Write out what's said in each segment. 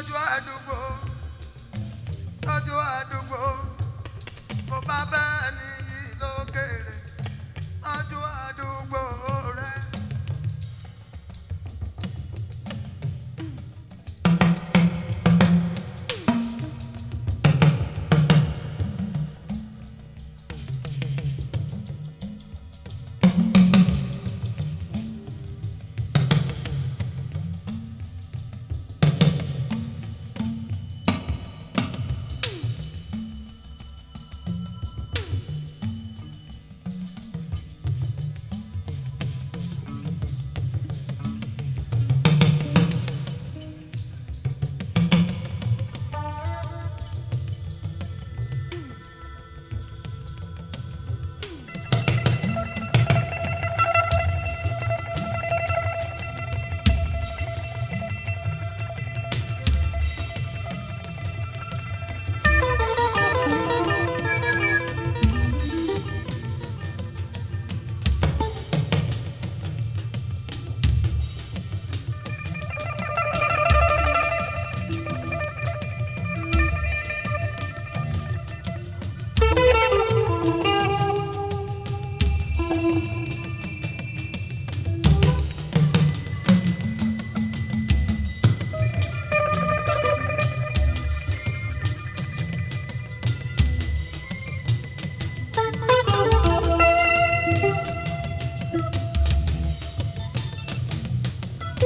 tọ́jú àdúgbò tọ́jú àdúgbò mo bá bẹ́ẹ̀.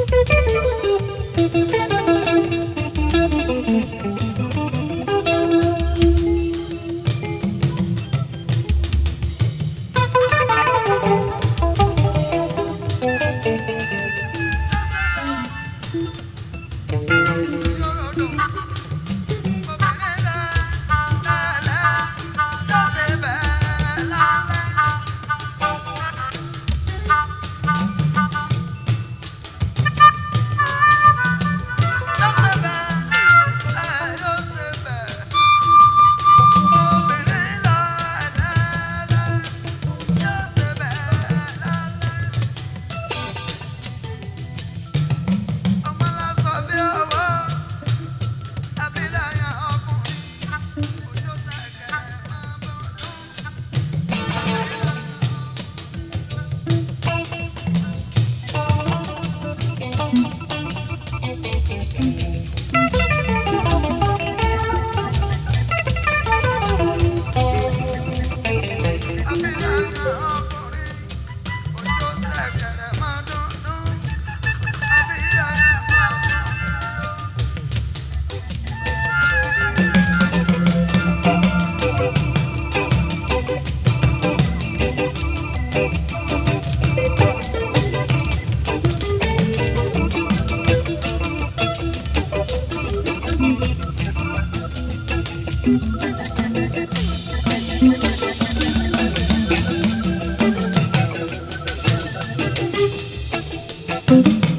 thank you thank you